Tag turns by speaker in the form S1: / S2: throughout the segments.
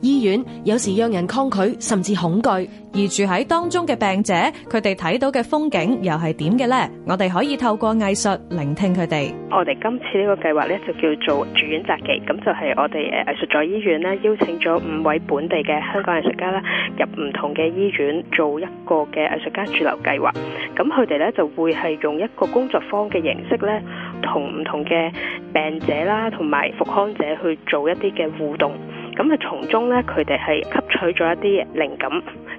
S1: 醫院有時讓人抗拒甚至恐懼，而住喺當中嘅病者，佢哋睇到嘅風景又係點嘅呢？我哋可以透過藝術聆聽佢哋。
S2: 我哋今次這個計劃呢個計劃咧就叫做住院札記，咁就係我哋誒藝術在醫院咧邀請咗五位本地嘅香港藝術家啦，入唔同嘅醫院做一個嘅藝術家駐留計劃。咁佢哋咧就會係用一個工作坊嘅形式咧，不同唔同嘅病者啦，同埋復康者去做一啲嘅互動。咁就從中咧，佢哋係吸取咗一啲靈感，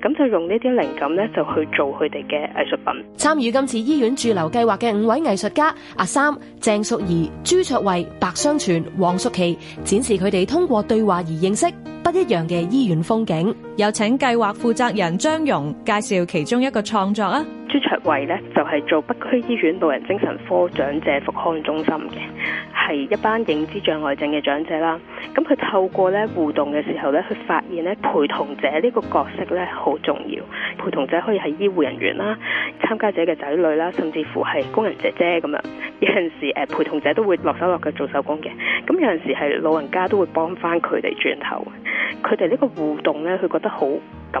S2: 咁就用呢啲靈感咧，就去做佢哋嘅藝術品。
S1: 參與今次醫院駐留計劃嘅五位藝術家：阿三、鄭淑儀、朱卓慧、白雙全、黃淑琪，展示佢哋通過對話而認識不一樣嘅
S2: 醫院風景。
S1: 有請計劃負責人張蓉介紹其中一個創作啊！
S2: 朱卓慧咧就係做北區醫院老人精神科長者復康中心嘅，係一班認知障礙症嘅長者啦。咁佢透過咧互動嘅時候咧，佢發現咧陪同者呢個角色咧好重要。陪同者可以係醫護人員啦、參加者嘅仔女啦，甚至乎係工人姐姐咁樣。有陣時誒，陪同者都會落手落腳做手工嘅。咁有陣時係老人家都會幫翻佢哋轉頭，佢哋呢個互動咧佢覺得好。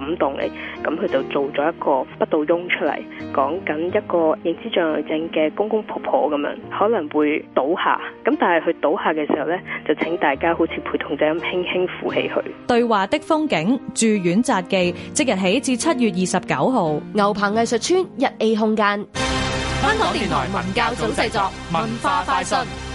S2: 感動嚟，咁佢就做咗一個不倒翁出嚟，講緊一個認知障礙症嘅公公婆婆咁樣，可能會倒下，咁但係佢倒下嘅時候呢，就請大家好似陪同者咁輕輕扶起佢。
S1: 對話的風景，住院雜記，即日起至七月二十九號，牛棚藝術村一 A 空間。香港電台文教組製作，文化快訊。